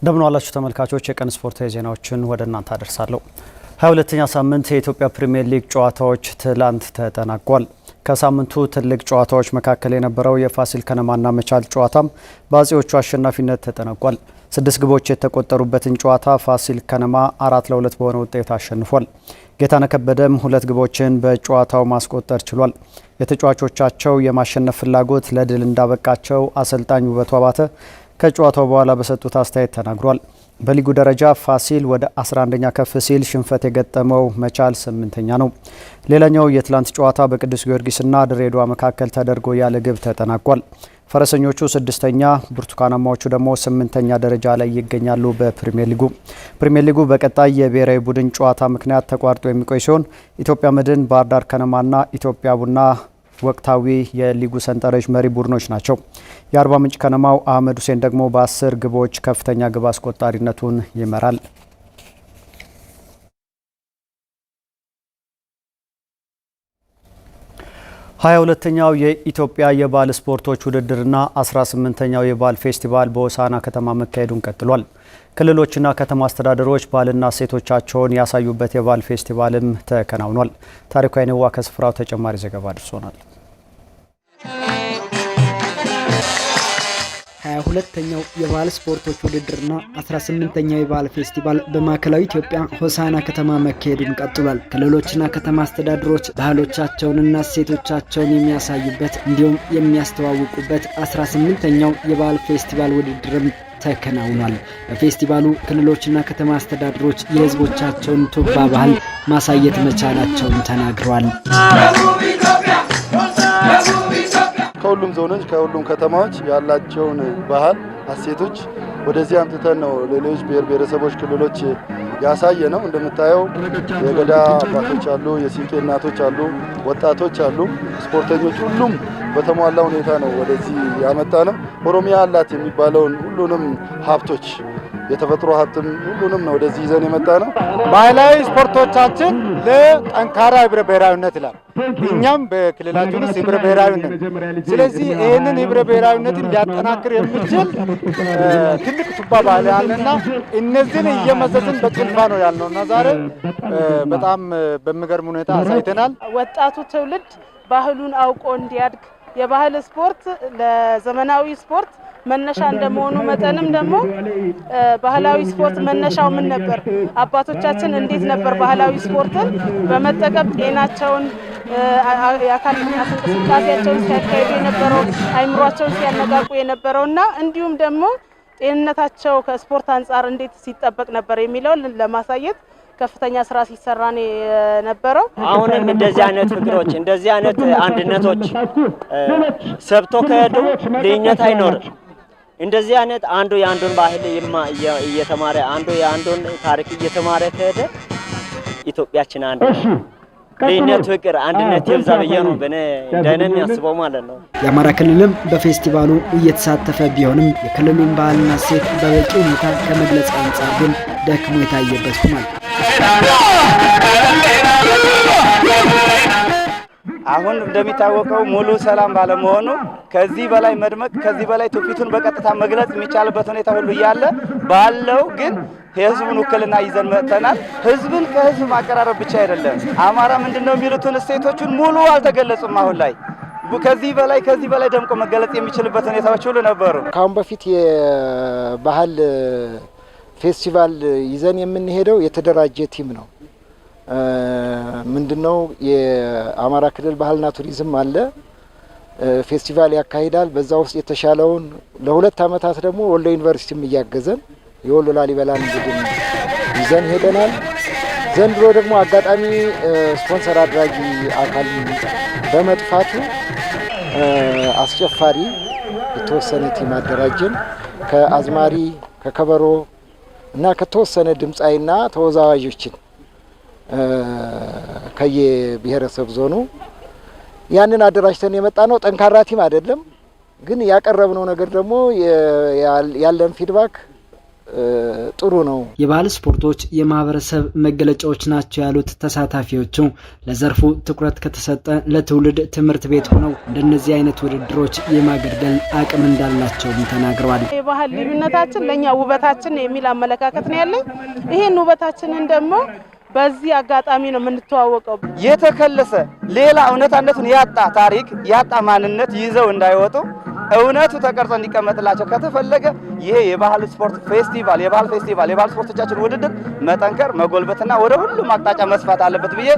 እንደምን ዋላችሁ ተመልካቾች፣ የቀን ስፖርታዊ ዜናዎችን ወደ እናንተ አደርሳለሁ። ሁለተኛ ሳምንት የኢትዮጵያ ፕሪምየር ሊግ ጨዋታዎች ትላንት ተጠናቋል። ከሳምንቱ ትልቅ ጨዋታዎች መካከል የነበረው የፋሲል ከነማና መቻል ጨዋታም በአጼዎቹ አሸናፊነት ተጠናቋል። ስድስት ግቦች የተቆጠሩበትን ጨዋታ ፋሲል ከነማ አራት ለሁለት በሆነ ውጤት አሸንፏል። ጌታ ከበደም ሁለት ግቦችን በጨዋታው ማስቆጠር ችሏል። የተጫዋቾቻቸው የማሸነፍ ፍላጎት ለድል እንዳበቃቸው አሰልጣኝ ውበቱ አባተ ከጨዋታው በኋላ በሰጡት አስተያየት ተናግሯል። በሊጉ ደረጃ ፋሲል ወደ 11ኛ ከፍ ሲል ሽንፈት የገጠመው መቻል ስምንተኛ ነው። ሌላኛው የትላንት ጨዋታ በቅዱስ ጊዮርጊስና ድሬዳዋ መካከል ተደርጎ ያለ ግብ ተጠናቋል። ፈረሰኞቹ ስድስተኛ፣ ብርቱካናማዎቹ ደግሞ ስምንተኛ ደረጃ ላይ ይገኛሉ። በፕሪሚየር ሊጉ ፕሪሚየር ሊጉ በቀጣይ የብሔራዊ ቡድን ጨዋታ ምክንያት ተቋርጦ የሚቆይ ሲሆን ኢትዮጵያ መድን፣ ባህር ዳር ከነማና ኢትዮጵያ ቡና ወቅታዊ የሊጉ ሰንጠረዥ መሪ ቡድኖች ናቸው። የአርባ ምንጭ ከነማው አህመድ ሁሴን ደግሞ በአስር ግቦች ከፍተኛ ግብ አስቆጣሪነቱን ይመራል። ሀያ ሁለተኛው የኢትዮጵያ የባህል ስፖርቶች ውድድርና አስራ ስምንተኛው የባህል ፌስቲቫል በሆሳና ከተማ መካሄዱን ቀጥሏል። ክልሎችና ከተማ አስተዳደሮች ባህልና እሴቶቻቸውን ያሳዩበት የባህል ፌስቲቫልም ተከናውኗል። ታሪኩ አይንዋ ከስፍራው ተጨማሪ ዘገባ አድርሶናል። ሀያ ሁለተኛው የባህል ስፖርቶች ውድድርና 18ኛው የባህል ፌስቲቫል በማዕከላዊ ኢትዮጵያ ሆሳና ከተማ መካሄዱን ቀጥሏል። ክልሎችና ከተማ አስተዳደሮች ባህሎቻቸውንና እሴቶቻቸውን የሚያሳዩበት እንዲሁም የሚያስተዋውቁበት አስራ ስምንተኛው የባህል ፌስቲቫል ውድድርም ተከናውኗል። በፌስቲቫሉ ክልሎችና ከተማ አስተዳደሮች የህዝቦቻቸውን ቱባ ባህል ማሳየት መቻላቸውን ተናግረዋል። ከሁሉም ዞኖች ከሁሉም ከተማዎች ያላቸውን ባህል አሴቶች ወደዚህ አምጥተን ነው ሌሎች ብሔር ብሔረሰቦች ክልሎች ያሳየ ነው። እንደምታየው የገዳ አባቶች አሉ፣ የሲንቄ እናቶች አሉ፣ ወጣቶች አሉ፣ ስፖርተኞች ሁሉም በተሟላ ሁኔታ ነው ወደዚህ ያመጣ ነው። ኦሮሚያ አላት የሚባለውን ሁሉንም ሀብቶች የተፈጥሮ ሀብትም ሁሉንም ነው ወደዚህ ይዘን የመጣ ነው። ባህላዊ ስፖርቶቻችን ለጠንካራ ህብረ ብሔራዊነት ይላል። እኛም በክልላችን ውስጥ ህብረ ብሔራዊነት፣ ስለዚህ ይህንን ህብረ ብሔራዊነትን ሊያጠናክር የሚችል ትልቅ ቱባ ባህል ያለና እነዚህን እየመዘዝን በጭልፋ ነው እና ዛሬ በጣም በሚገርም ሁኔታ አሳይተናል። ወጣቱ ትውልድ ባህሉን አውቆ እንዲያድግ የባህል ስፖርት ለዘመናዊ ስፖርት መነሻ እንደመሆኑ መጠንም ደግሞ ባህላዊ ስፖርት መነሻው ምን ነበር? አባቶቻችን እንዴት ነበር ባህላዊ ስፖርትን በመጠቀም ጤናቸውን፣ የአካል እንቅስቃሴያቸውን ሲያካሄዱ የነበረው አይምሯቸውን ሲያነቃቁ የነበረውና እንዲሁም ደግሞ ጤንነታቸው ከስፖርት አንጻር እንዴት ሲጠበቅ ነበር የሚለውን ለማሳየት ከፍተኛ ስራ ሲሰራ ነው የነበረው። አሁንም እንደዚህ አይነት ፍቅሮች፣ እንደዚህ አይነት አንድነቶች ሰብቶ ከሄዱ ልዩነት አይኖርም። እንደዚህ አይነት አንዱ የአንዱን ባህል እየተማረ አንዱ የአንዱን ታሪክ እየተማረ ከሄደ ኢትዮጵያችን አንድ ልዩነት፣ ፍቅር፣ አንድነት የብዛ ብዬ ነው በእኔ እንደኔ የሚያስበው ማለት ነው። የአማራ ክልልም በፌስቲቫሉ እየተሳተፈ ቢሆንም የክልሉን ባህልና ሴት በበቂ ሁኔታ ከመግለጽ አንጻር ግን ደክሞ የታየበት ሆኗል። አሁን እንደሚታወቀው ሙሉ ሰላም ባለመሆኑ ከዚህ በላይ መድመቅ ከዚህ በላይ ትውፊቱን በቀጥታ መግለጽ የሚቻልበት ሁኔታ ሁሉ እያለ ባለው ግን የህዝቡን ውክልና ይዘን መጥተናል። ህዝብን ከህዝብ ማቀራረብ ብቻ አይደለም። አማራ ምንድን ነው የሚሉትን እሴቶቹን ሙሉ አልተገለጹም። አሁን ላይ ከዚህ በላይ ከዚህ በላይ ደምቆ መገለጽ የሚችልበት ሁኔታዎች ሁሉ ነበሩ። ከአሁን በፊት የባህል ፌስቲቫል ይዘን የምንሄደው የተደራጀ ቲም ነው። ምንድነው የአማራ ክልል ባህልና ቱሪዝም አለ ፌስቲቫል ያካሂዳል። በዛ ውስጥ የተሻለውን ለሁለት ዓመታት ደግሞ ወሎ ዩኒቨርሲቲም እያገዘን የወሎ ላሊበላን ቡድን ይዘን ሄደናል። ዘንድሮ ደግሞ አጋጣሚ ስፖንሰር አድራጊ አካል በመጥፋቱ አስጨፋሪ የተወሰነ ቲም አደራጀን ከአዝማሪ ከከበሮ እና ከተወሰነ ድምፃዊና ተወዛዋዦችን ከየብሔረሰብ ዞኑ ያንን አደራጅተን የመጣ ነው። ጠንካራ ቲም አይደለም፣ ግን ያቀረብነው ነገር ደግሞ ያለን ፊድባክ ጥሩ ነው። የባህል ስፖርቶች የማህበረሰብ መገለጫዎች ናቸው ያሉት ተሳታፊዎቹ ለዘርፉ ትኩረት ከተሰጠ ለትውልድ ትምህርት ቤት ሆነው እንደነዚህ አይነት ውድድሮች የማገልገል አቅም እንዳላቸውም ተናግረዋል። የባህል ልዩነታችን ለእኛ ውበታችን የሚል አመለካከት ነው ያለኝ። ይህን ውበታችንን ደግሞ በዚህ አጋጣሚ ነው የምንተዋወቀው። የተከለሰ ሌላ እውነታነቱን ያጣ ታሪክ ያጣ ማንነት ይዘው እንዳይወጡ እውነቱ ተቀርጾ እንዲቀመጥላቸው ከተፈለገ ይሄ የባህል ስፖርት ፌስቲቫል የባህል ፌስቲቫል የባህል ስፖርቶቻችን ውድድር መጠንከር መጎልበትና ወደ ሁሉም አቅጣጫ መስፋት አለበት ብዬ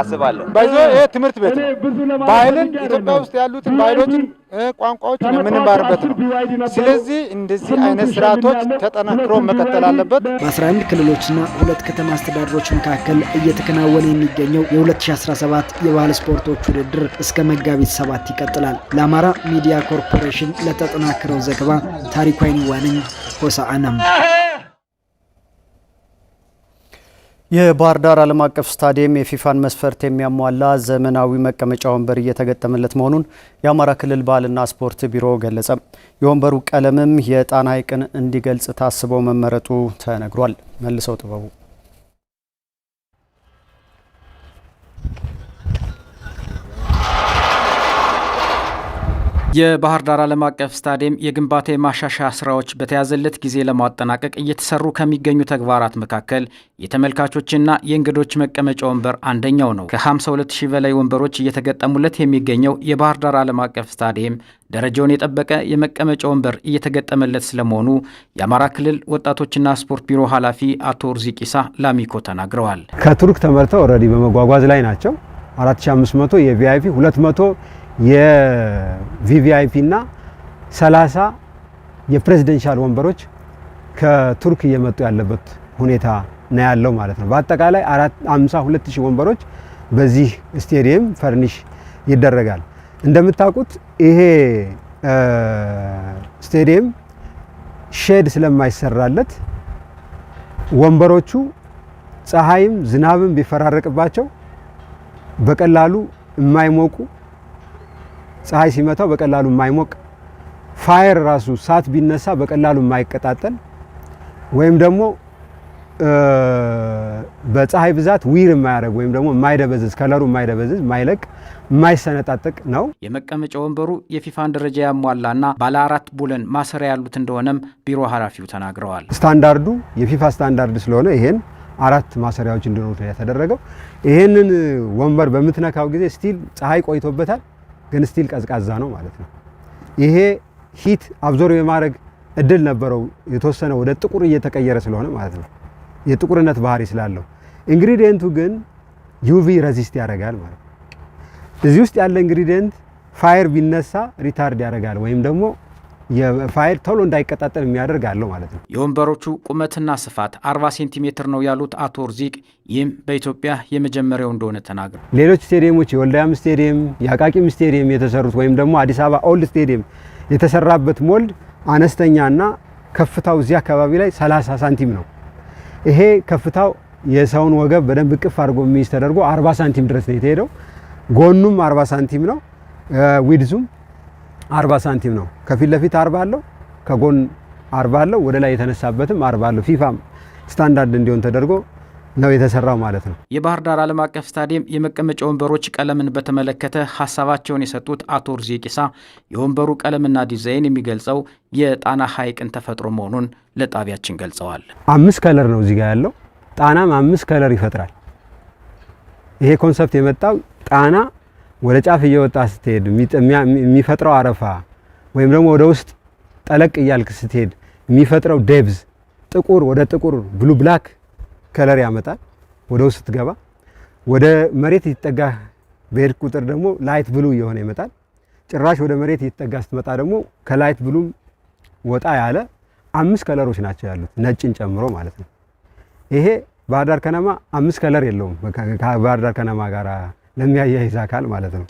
አስባለሁ። በዚ ይህ ትምህርት ቤት ነው። ባህልን ኢትዮጵያ ውስጥ ያሉትን ባህሎችን ቋንቋዎችን የምንማርበት ነው። ስለዚህ እንደዚህ አይነት ስርዓቶች ተጠናክሮ መቀጠል አለበት። በ11 ክልሎችና ሁለት ከተማ አስተዳደሮች መካከል እየተከናወነ የሚገኘው የ2017 የባህል ስፖርቶች ውድድር እስከ መጋቢት ሰባት ይቀጥላል። ለአማራ ሚዲያ ኮርፖሬሽን ለተጠናክረው ዘገባ ታሪኳይን ዋንኝ ሆሳዕናም የባህር ዳር ዓለም አቀፍ ስታዲየም የፊፋን መስፈርት የሚያሟላ ዘመናዊ መቀመጫ ወንበር እየተገጠመለት መሆኑን የአማራ ክልል ባህልና ስፖርት ቢሮ ገለጸ። የወንበሩ ቀለምም የጣና ሐይቅን እንዲገልጽ ታስቦ መመረጡ ተነግሯል። መልሰው ጥበቡ የባህር ዳር ዓለም አቀፍ ስታዲየም የግንባታ የማሻሻያ ስራዎች በተያዘለት ጊዜ ለማጠናቀቅ እየተሰሩ ከሚገኙ ተግባራት መካከል የተመልካቾችና የእንግዶች መቀመጫ ወንበር አንደኛው ነው። ከ52 ሺህ በላይ ወንበሮች እየተገጠሙለት የሚገኘው የባህር ዳር ዓለም አቀፍ ስታዲየም ደረጃውን የጠበቀ የመቀመጫ ወንበር እየተገጠመለት ስለመሆኑ የአማራ ክልል ወጣቶችና ስፖርት ቢሮ ኃላፊ አቶ ርዚቂሳ ላሚኮ ተናግረዋል። ከቱርክ ተመርተው ኦልሬዲ በመጓጓዝ ላይ ናቸው። 4500 የቪአይፒ 200 የቪቪአይፒ እና 30 የፕሬዚደንሻል ወንበሮች ከቱርክ እየመጡ ያለበት ሁኔታ ነው ያለው ማለት ነው። በአጠቃላይ 52000 ወንበሮች በዚህ ስቴዲየም ፈርኒሽ ይደረጋል። እንደምታውቁት ይሄ ስቴዲየም ሼድ ስለማይሰራለት ወንበሮቹ ፀሐይም ዝናብም ቢፈራረቅባቸው በቀላሉ የማይሞቁ ፀሐይ ሲመታው በቀላሉ የማይሞቅ ፋየር ራሱ ሳት ቢነሳ በቀላሉ የማይቀጣጠል ወይም ደግሞ በፀሐይ ብዛት ዊር የማያደርግ ወይም ደግሞ የማይደበዝዝ ከለሩ የማይደበዝዝ የማይለቅ የማይሰነጣጠቅ ነው። የመቀመጫ ወንበሩ የፊፋን ደረጃ ያሟላና ባለ አራት ቡለን ማሰሪያ ያሉት እንደሆነም ቢሮ ኃላፊው ተናግረዋል። ስታንዳርዱ የፊፋ ስታንዳርድ ስለሆነ ይሄን አራት ማሰሪያዎች እንዲኖሩት የተደረገው። ይሄንን ወንበር በምትነካው ጊዜ ስቲል ፀሐይ ቆይቶበታል። ግን ስቲል ቀዝቃዛ ነው ማለት ነው። ይሄ ሂት አብዞርቭ የማድረግ እድል ነበረው የተወሰነ ወደ ጥቁር እየተቀየረ ስለሆነ ማለት ነው። የጥቁርነት ባህሪ ስላለው ኢንግሪዲየንቱ ግን ዩቪ ረዚስት ያደርጋል ማለት ነው። እዚህ ውስጥ ያለ ኢንግሪዲየንት ፋየር ቢነሳ ሪታርድ ያደርጋል ወይም ደግሞ የፋይል ቶሎ እንዳይቀጣጠል የሚያደርግ አለው ማለት ነው። የወንበሮቹ ቁመትና ስፋት 40 ሴንቲሜትር ነው ያሉት አቶ ርዚቅ፣ ይህም በኢትዮጵያ የመጀመሪያው እንደሆነ ተናግረው ሌሎች ስቴዲየሞች የወልዳያም ስቴዲየም፣ የአቃቂም ስቴዲየም የተሰሩት ወይም ደግሞ አዲስ አበባ ኦልድ ስቴዲየም የተሰራበት ሞልድ አነስተኛና ከፍታው እዚህ አካባቢ ላይ 30 ሳንቲም ነው። ይሄ ከፍታው የሰውን ወገብ በደንብ እቅፍ አድርጎ የሚይዝ ተደርጎ 40 ሳንቲም ድረስ ነው የተሄደው። ጎኑም 40 ሳንቲም ነው ዊድዙም አርባ ሳንቲም ነው። ከፊት ለፊት አርባ አለው፣ ከጎን አርባ አለው፣ ወደ ላይ የተነሳበትም አርባ አለው። ፊፋም ስታንዳርድ እንዲሆን ተደርጎ ነው የተሰራው ማለት ነው። የባህር ዳር ዓለም አቀፍ ስታዲየም የመቀመጫ ወንበሮች ቀለምን በተመለከተ ሀሳባቸውን የሰጡት አቶ ርዜ ቂሳ የወንበሩ ቀለምና ዲዛይን የሚገልጸው የጣና ሐይቅን ተፈጥሮ መሆኑን ለጣቢያችን ገልጸዋል። አምስት ከለር ነው እዚህ ያለው። ጣናም አምስት ከለር ይፈጥራል። ይሄ ኮንሰፕት የመጣው ጣና ወደ ጫፍ እየወጣ ስትሄድ የሚፈጥረው አረፋ ወይም ደግሞ ወደ ውስጥ ጠለቅ እያልክ ስትሄድ የሚፈጥረው ዴብዝ ጥቁር ወደ ጥቁር ብሉ ብላክ ከለር ያመጣል። ወደ ውስጥ ስትገባ ወደ መሬት ይጠጋ በሄድ ቁጥር ደግሞ ላይት ብሉ እየሆነ ይመጣል። ጭራሽ ወደ መሬት ይጠጋ ስትመጣ ደግሞ ከላይት ብሉም ወጣ ያለ አምስት ከለሮች ናቸው ያሉት ነጭን ጨምሮ ማለት ነው። ይሄ ባህር ዳር ከነማ አምስት ከለር የለውም። ከባህርዳር ዳር ከነማ ጋር ለሚያያይዝ አካል ማለት ነው።